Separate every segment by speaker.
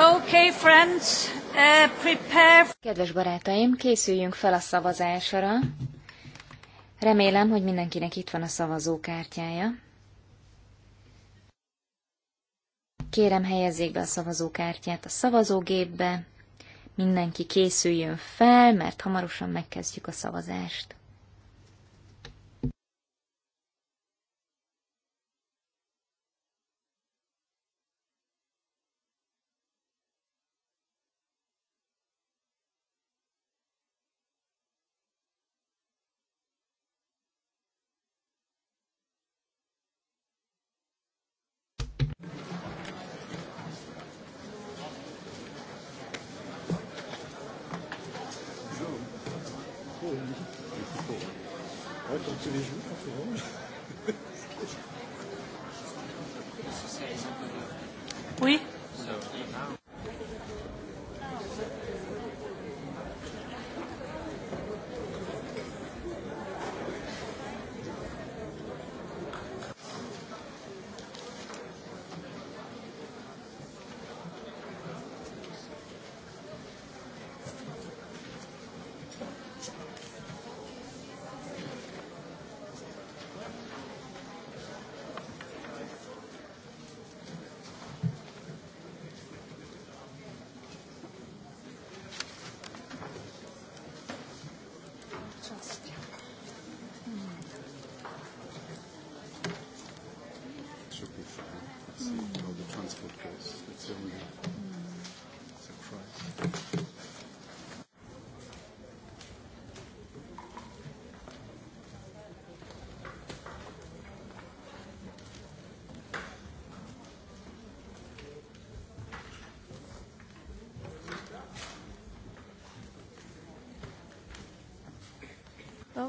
Speaker 1: Okay, friends, uh, prepare... Kedves barátaim, készüljünk fel a szavazásra. Remélem, hogy mindenkinek itt van a szavazókártyája. Kérem, helyezzék be a szavazókártyát a szavazógépbe. Mindenki készüljön fel, mert hamarosan megkezdjük a szavazást.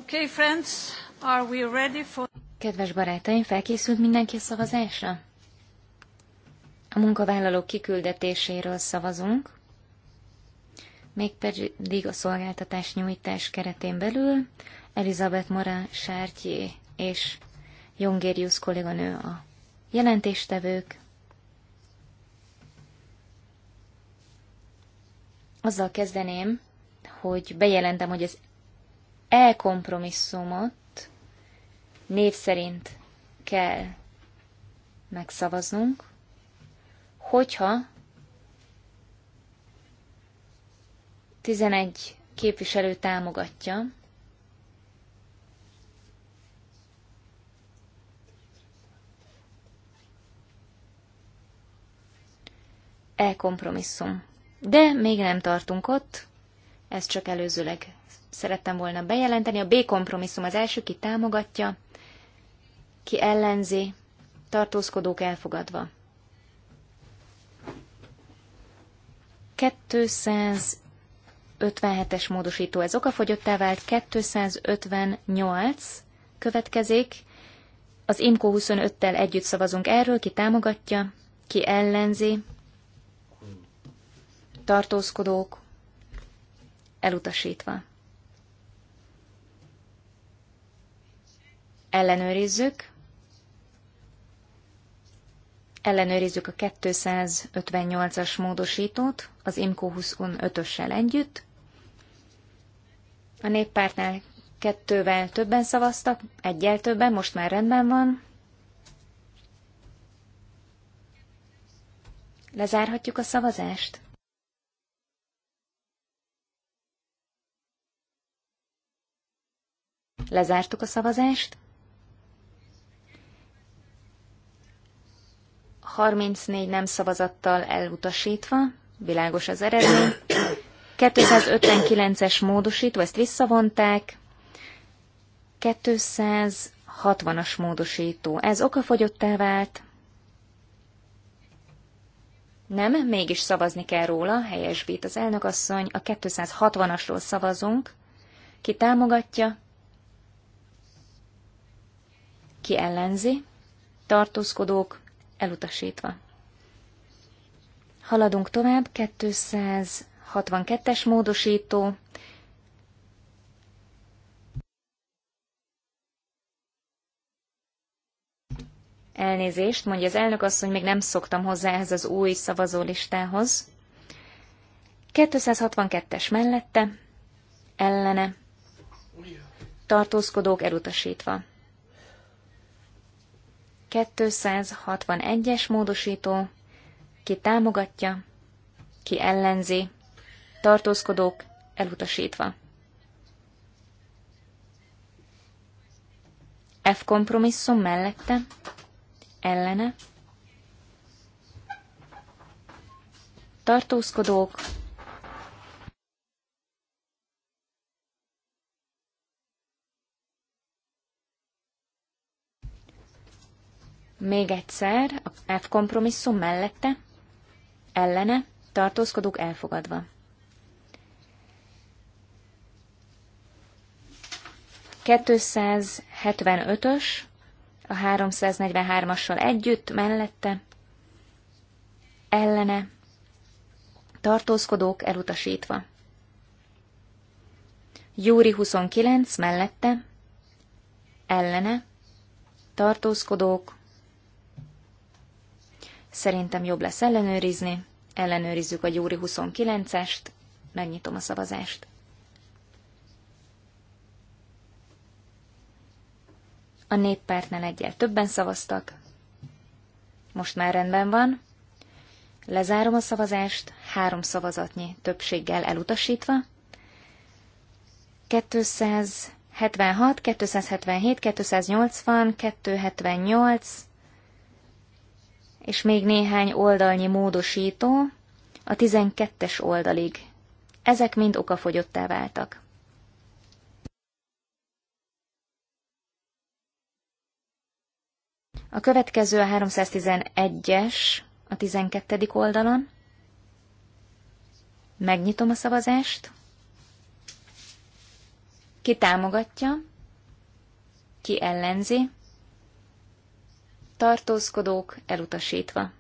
Speaker 1: Okay, friends, are we ready for... Kedves barátaim, felkészült mindenki a szavazásra? A munkavállalók kiküldetéséről szavazunk, mégpedig a szolgáltatás nyújtás keretén belül Elizabeth Mora Sártyé és Jongérius kolléganő a jelentéstevők. Azzal kezdeném, hogy bejelentem, hogy az e-kompromisszumot név szerint kell megszavaznunk, hogyha 11 képviselő támogatja, e kompromisszum. De még nem tartunk ott, ez csak előzőleg szerettem volna bejelenteni. A B kompromisszum az első, ki támogatja, ki ellenzi, tartózkodók elfogadva. 257-es módosító, ez okafogyottá vált, 258 következik. Az IMCO 25-tel együtt szavazunk erről, ki támogatja, ki ellenzi, tartózkodók, elutasítva. Ellenőrizzük. Ellenőrizzük a 258-as módosítót, az IMCO 25-össel együtt. A néppártnál kettővel többen szavaztak, egyel többen, most már rendben van. Lezárhatjuk a szavazást? Lezártuk a szavazást? 34 nem szavazattal elutasítva, világos az eredmény. 259-es módosító, ezt visszavonták. 260-as módosító, ez okafogyottá vált. Nem, mégis szavazni kell róla, helyesbít az elnökasszony, a 260-asról szavazunk. Ki támogatja? Ki ellenzi? Tartózkodók, elutasítva. Haladunk tovább, 262-es módosító, Elnézést, mondja az elnök azt, hogy még nem szoktam hozzá ehhez az új szavazólistához. 262-es mellette, ellene, tartózkodók elutasítva. 261-es módosító, ki támogatja, ki ellenzi, tartózkodók elutasítva. F kompromisszum mellette, ellene, tartózkodók Még egyszer, a F kompromisszum mellette, ellene, tartózkodók elfogadva. ös a 343-assal együtt, mellette, ellene, tartózkodók elutasítva. Júri 29 mellette, ellene, tartózkodók Szerintem jobb lesz ellenőrizni. Ellenőrizzük a Gyuri 29-est. Megnyitom a szavazást. A néppártnál egyel többen szavaztak. Most már rendben van. Lezárom a szavazást, három szavazatnyi többséggel elutasítva. 276, 277, 280, 278, és még néhány oldalnyi módosító a 12-es oldalig. Ezek mind okafogyottá váltak. A következő a 311-es a 12. oldalon. Megnyitom a szavazást. Ki támogatja? Ki ellenzi? tartózkodók elutasítva.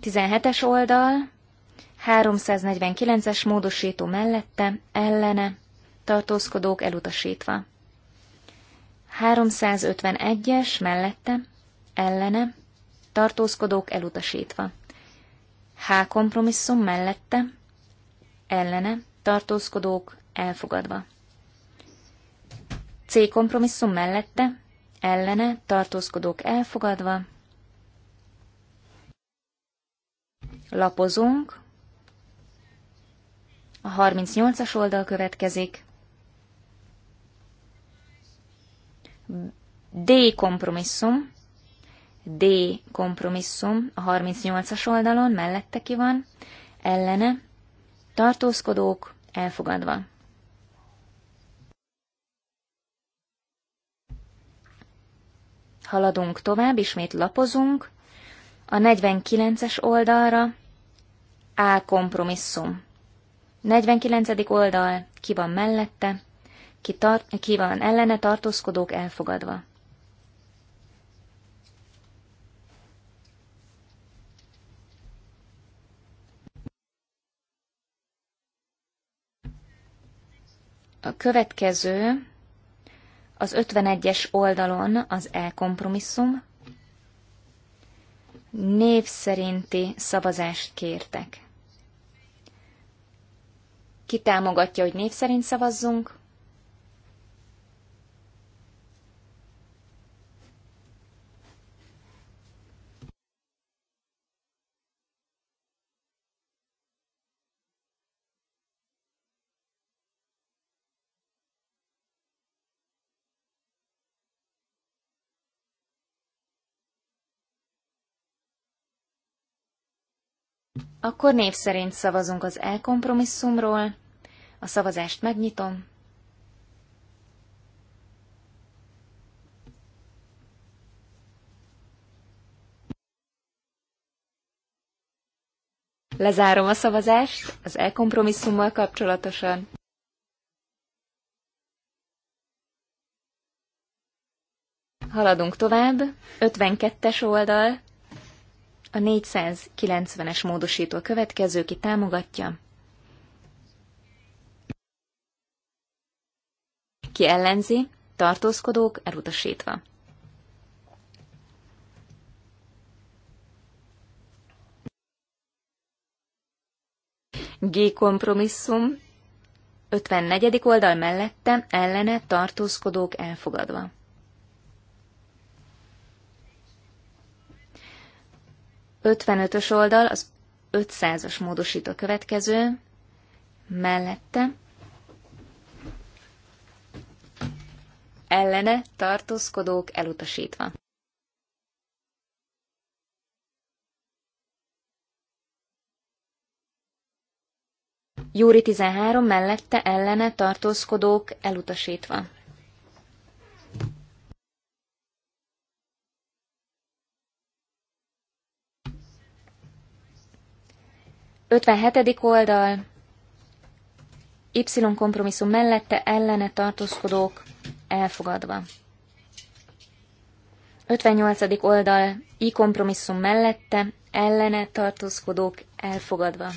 Speaker 1: Tizenhetes oldal, 349-es módosító mellette, ellene, tartózkodók elutasítva. 351-es mellette, ellene, tartózkodók elutasítva. H kompromisszum mellette, ellene, tartózkodók elfogadva. C kompromisszum mellette, ellene tartózkodók elfogadva. Lapozunk. A 38-as oldal következik. D kompromisszum. D kompromisszum a 38-as oldalon, mellette ki van, ellene, tartózkodók elfogadva. haladunk tovább, ismét lapozunk, a 49-es oldalra, A kompromisszum. 49. oldal, ki van mellette, ki, tart, ki van ellene tartózkodók elfogadva. A következő az 51-es oldalon az e-kompromisszum név szerinti szavazást kértek. Ki támogatja, hogy név szerint szavazzunk? Akkor név szerint szavazunk az elkompromisszumról. A szavazást megnyitom. Lezárom a szavazást az elkompromisszummal kapcsolatosan. Haladunk tovább. 52-es oldal. A 490-es módosító következő, ki támogatja, ki ellenzi, tartózkodók elutasítva. G kompromisszum, 54. oldal mellette, ellene tartózkodók elfogadva. 55-ös oldal, az 500-as a következő, mellette, ellene tartózkodók elutasítva. Júri 13 mellette ellene tartózkodók elutasítva. 57. oldal, Y kompromisszum mellette ellene tartózkodók elfogadva. 58. oldal, I kompromisszum mellette ellene tartózkodók elfogadva.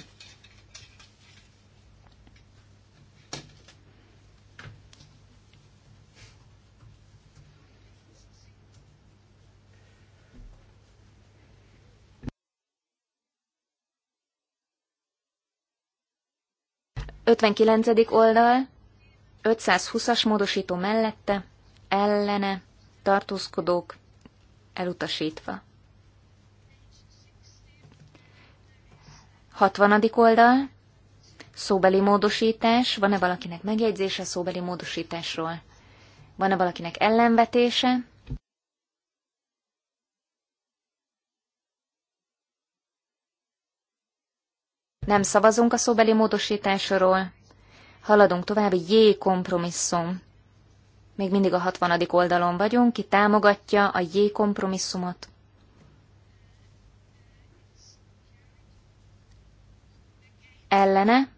Speaker 1: 59. oldal, 520-as módosító mellette, ellene, tartózkodók, elutasítva. 60. oldal, szóbeli módosítás, van-e valakinek megjegyzése szóbeli módosításról? Van-e valakinek ellenvetése? Nem szavazunk a szóbeli módosításról. Haladunk tovább, jé kompromisszum. Még mindig a hatvanadik oldalon vagyunk, ki támogatja a jé kompromisszumot. Ellene.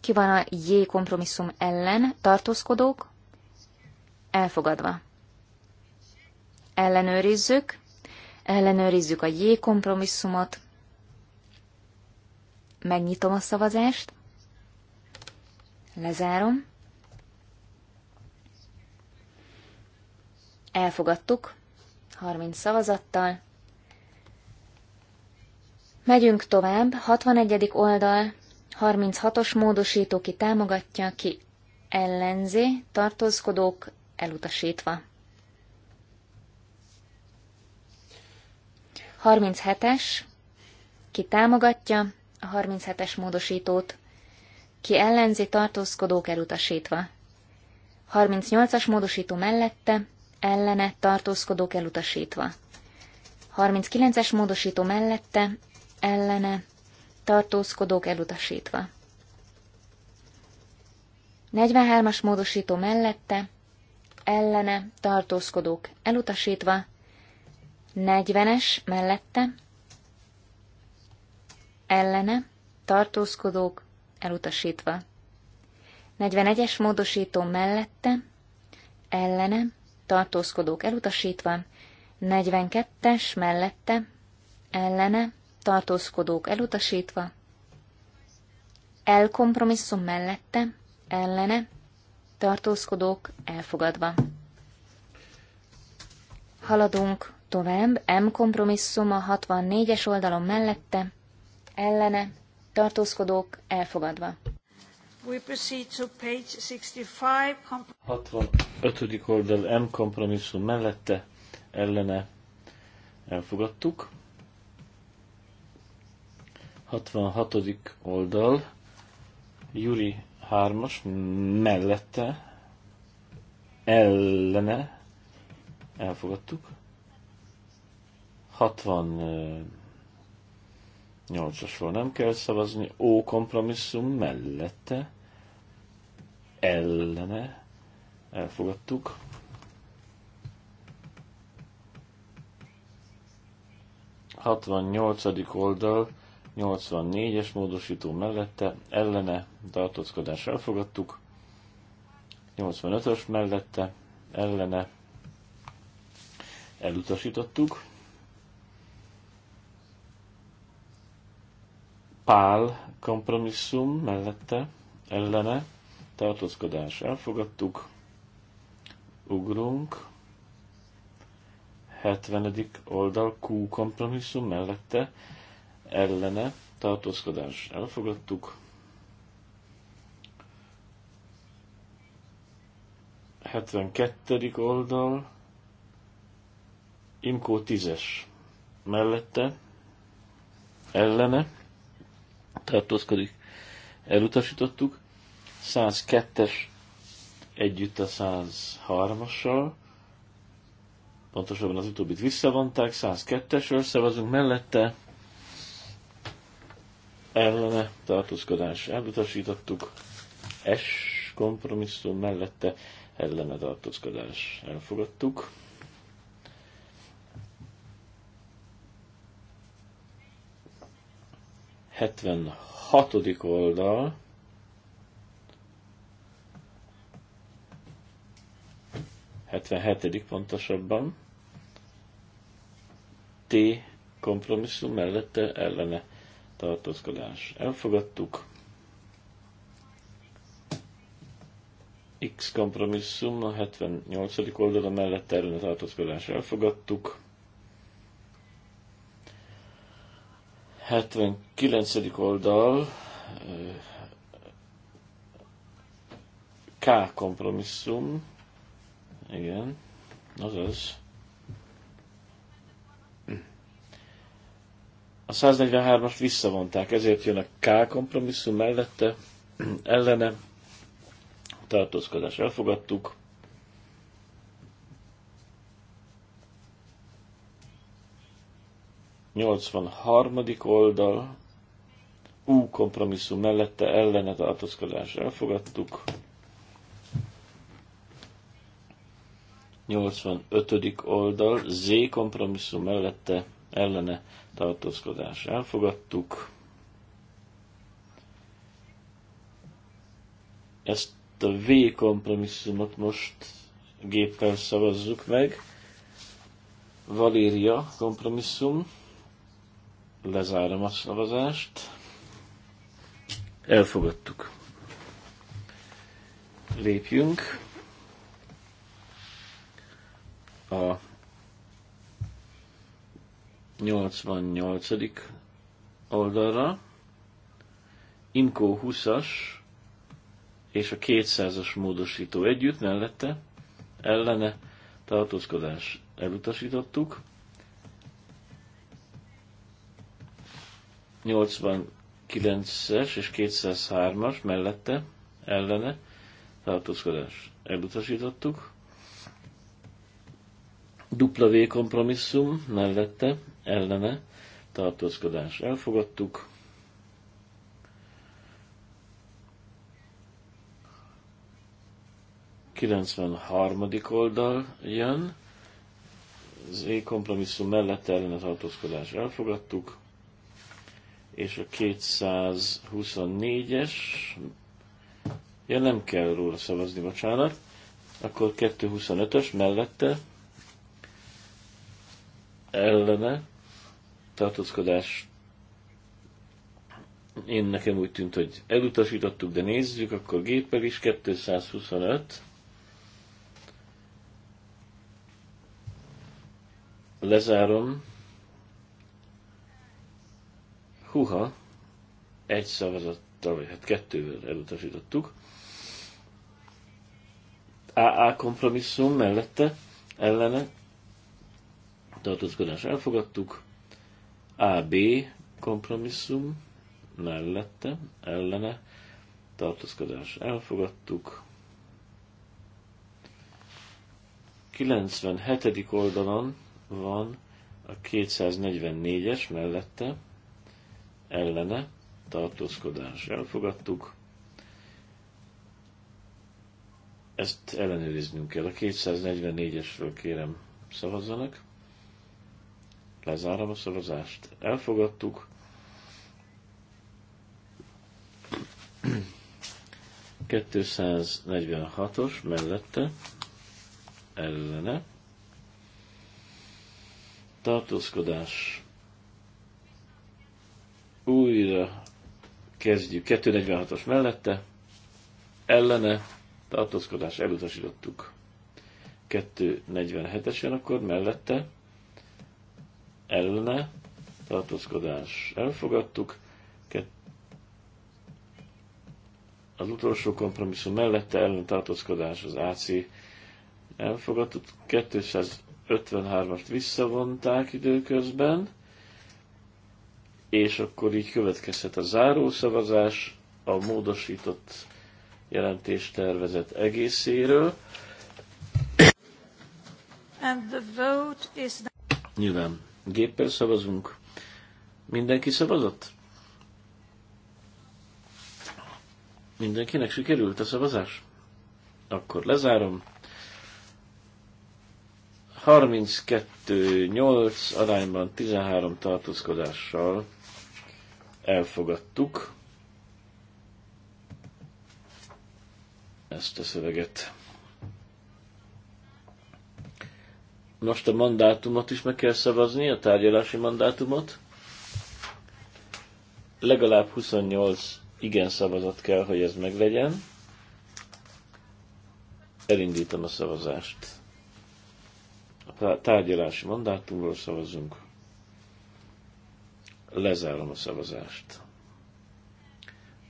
Speaker 1: Ki van a J kompromisszum ellen? Tartózkodók? Elfogadva. Ellenőrizzük. Ellenőrizzük a J kompromisszumot. Megnyitom a szavazást. Lezárom. Elfogadtuk. 30 szavazattal. Megyünk tovább. 61. oldal. 36-os módosító ki támogatja, ki ellenzi, tartózkodók elutasítva. 37-es, ki támogatja, a 37-es módosítót, ki ellenzi tartózkodók elutasítva. 38-as módosító mellette, ellene tartózkodók elutasítva. 39-es módosító mellette, ellene tartózkodók elutasítva. 43-as módosító mellette, ellene tartózkodók elutasítva, 40-es mellette, ellene, tartózkodók, elutasítva. 41-es módosító mellette, ellene, tartózkodók elutasítva, 42-es mellette, ellene, tartózkodók elutasítva, elkompromisszum mellette, ellene, tartózkodók elfogadva. Haladunk tovább, M kompromisszum a 64-es oldalon mellette, ellene, tartózkodók elfogadva. 65.
Speaker 2: 65. oldal M kompromisszum mellette, ellene elfogadtuk. 66. oldal Juri 3-as mellette, ellene elfogadtuk. 60 nyolcasról nem kell szavazni, ó kompromisszum mellette, ellene, elfogadtuk. Hatvannyolcadik oldal, 84-es módosító mellette, ellene, tartózkodás elfogadtuk. 85-ös mellette, ellene, elutasítottuk. Pál kompromisszum mellette, ellene, tartózkodás elfogadtuk, ugrunk, 70. oldal Q kompromisszum mellette, ellene, tartózkodás elfogadtuk, 72. oldal, Imkó 10-es mellette, ellene, tartózkodik, elutasítottuk. 102-es együtt a 103-assal, pontosabban az utóbbit visszavonták, 102-esről szavazunk mellette, ellene tartózkodás elutasítottuk, S kompromisszum mellette ellene tartózkodás elfogadtuk. 76. oldal, hetvenhetedik pontosabban, T kompromisszum mellette ellene tartózkodás. Elfogadtuk. X kompromisszum a 78. oldala mellett ellene tartózkodás. Elfogadtuk. 79. oldal K kompromisszum. Igen, azaz. A 143 as visszavonták, ezért jön a K kompromisszum mellette, ellene tartózkodás elfogadtuk. 83. oldal, U kompromisszum mellette ellene tartózkodás elfogadtuk. 85. oldal, Z kompromisszum mellette ellene tartózkodás elfogadtuk. Ezt a V kompromisszumot most géppel szavazzuk meg. Valéria kompromisszum Lezárom a szavazást. Elfogadtuk. Lépjünk a 88. oldalra. Imkó 20-as és a 200-as módosító együtt mellette ellene tartózkodás elutasítottuk. 89-es és 203-as mellette ellene tartózkodás elutasítottuk. W kompromisszum mellette ellene tartózkodás elfogadtuk. harmadik oldal jön, az E kompromisszum mellett ellene tartózkodás elfogadtuk és a 224-es, ja nem kell róla szavazni, bocsánat, akkor 225-ös mellette ellene tartózkodás én nekem úgy tűnt, hogy elutasítottuk, de nézzük, akkor géppel is 225 lezárom Huha, egy szavazattal, vagy hát kettővel elutasítottuk. AA kompromisszum mellette, ellene, tartózkodás elfogadtuk. AB kompromisszum mellette, ellene, tartózkodás elfogadtuk. 97. oldalon van a 244-es mellette, ellene tartózkodás elfogadtuk. Ezt ellenőriznünk kell. A 244-esről kérem szavazzanak. Lezárom a szavazást. Elfogadtuk. 246-os mellette ellene tartózkodás újra kezdjük. 246-os mellette, ellene, tartózkodás elutasítottuk. 247-esen akkor mellette, ellene, tartózkodás elfogadtuk. Az utolsó kompromisszum mellette ellen tartózkodás az AC elfogadott. 253-ast visszavonták időközben és akkor így következhet a zárószavazás a módosított jelentéstervezet egészéről.
Speaker 1: And the vote is...
Speaker 2: Nyilván géppel szavazunk. Mindenki szavazott? Mindenkinek sikerült a szavazás? Akkor lezárom. 32-8 arányban 13 tartózkodással elfogadtuk ezt a szöveget. Most a mandátumot is meg kell szavazni, a tárgyalási mandátumot. Legalább 28 igen szavazat kell, hogy ez meglegyen. Elindítom a szavazást. A tárgyalási mandátumról szavazunk. Lezárom a szavazást.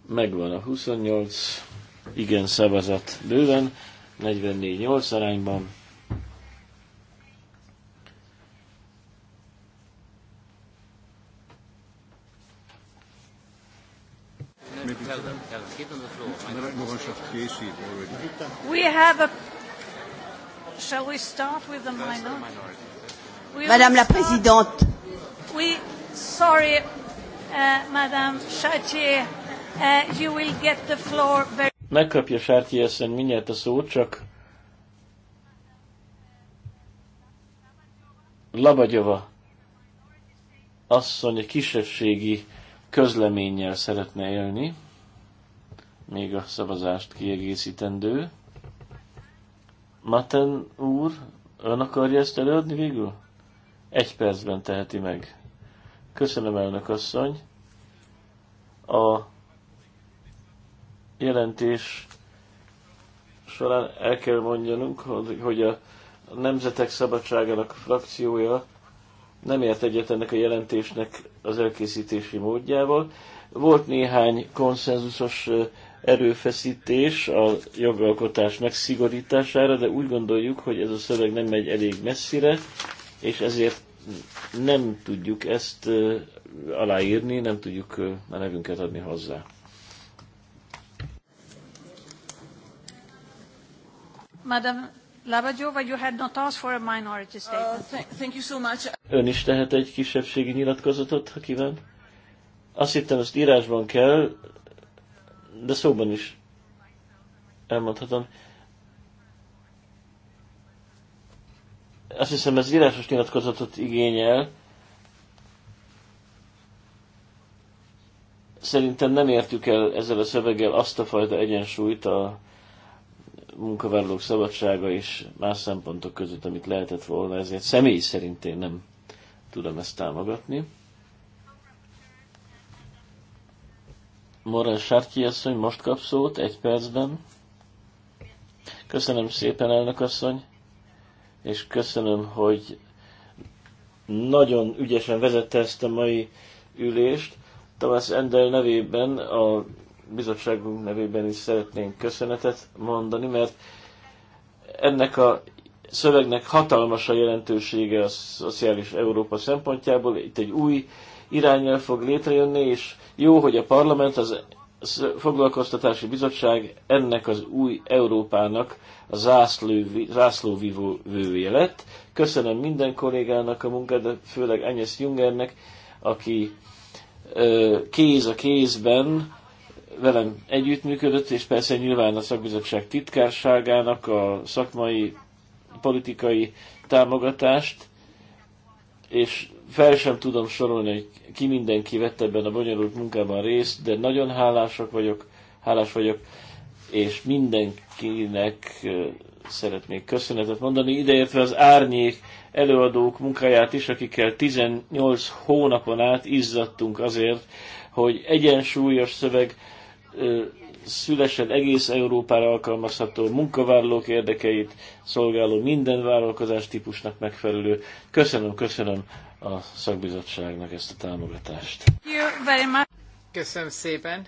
Speaker 2: Megvan a 28 igen szavazat bőven, 44-8 arányban. We have a. Shall we start with the minority? Madame la Présidente. We sorry, uh, Madame Chartier, uh, you will get the floor very... Megkapja Chartier asszony mindjárt a szót, csak Labagyova asszony egy kisebbségi közleménnyel szeretne élni, még a szavazást kiegészítendő. Maten úr, ön akarja ezt előadni végül? Egy percben teheti meg. Köszönöm, elnök asszony. A jelentés során el kell mondjanunk, hogy a Nemzetek Szabadságának frakciója nem ért egyet ennek a jelentésnek az elkészítési módjával. Volt néhány konszenzusos erőfeszítés a jogalkotás megszigorítására, de úgy gondoljuk, hogy ez a szöveg nem megy elég messzire, és ezért nem tudjuk ezt aláírni, nem tudjuk a nevünket adni hozzá. Madam Labajova, you had not asked for a minority uh, statement. Uh, thank you so much. Ön is tehet egy kisebbségi nyilatkozatot, ha kíván. Azt hittem, ezt írásban kell, de szóban is elmondhatom. Azt hiszem ez írásos nyilatkozatot igényel. Szerintem nem értük el ezzel a szöveggel azt a fajta egyensúlyt a munkavállalók szabadsága és más szempontok között, amit lehetett volna, ezért személy szerint én nem tudom ezt támogatni. Morel Sárki asszony, most kap szót, egy percben. Köszönöm szépen, elnök asszony és köszönöm, hogy nagyon ügyesen vezette ezt a mai ülést. Tamás Endel nevében, a bizottságunk nevében is szeretnénk köszönetet mondani, mert ennek a szövegnek hatalmas a jelentősége a szociális Európa szempontjából. Itt egy új irányel fog létrejönni, és jó, hogy a parlament az foglalkoztatási bizottság ennek az új Európának a zászló, zászlóvívó vője lett. Köszönöm minden kollégának a munkát, de főleg Agnes Jungernek, aki kéz a kézben velem együttműködött, és persze nyilván a szakbizottság titkárságának a szakmai, politikai támogatást, és fel sem tudom sorolni, hogy ki mindenki vett ebben a bonyolult munkában részt, de nagyon hálásak vagyok, hálás vagyok, és mindenkinek szeretnék köszönetet mondani, ideértve az árnyék előadók munkáját is, akikkel 18 hónapon át izzadtunk azért, hogy egyensúlyos szöveg szülesen egész Európára alkalmazható munkavállalók érdekeit szolgáló minden vállalkozás típusnak megfelelő. Köszönöm, köszönöm a szakbizottságnak ezt a támogatást.
Speaker 1: Köszönöm szépen.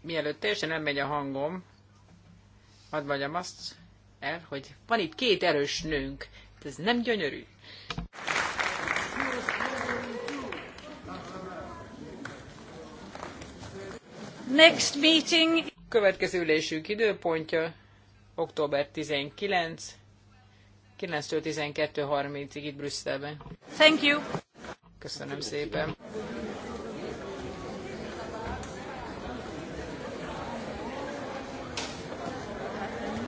Speaker 1: Mielőtt teljesen megy a hangom, hadd mondjam azt el, hogy van itt két erős nőnk. Hát ez nem gyönyörű. Next meeting. Következő ülésünk időpontja október 19 9-től 12.30-ig itt Brüsszelben. Thank you. Köszönöm szépen.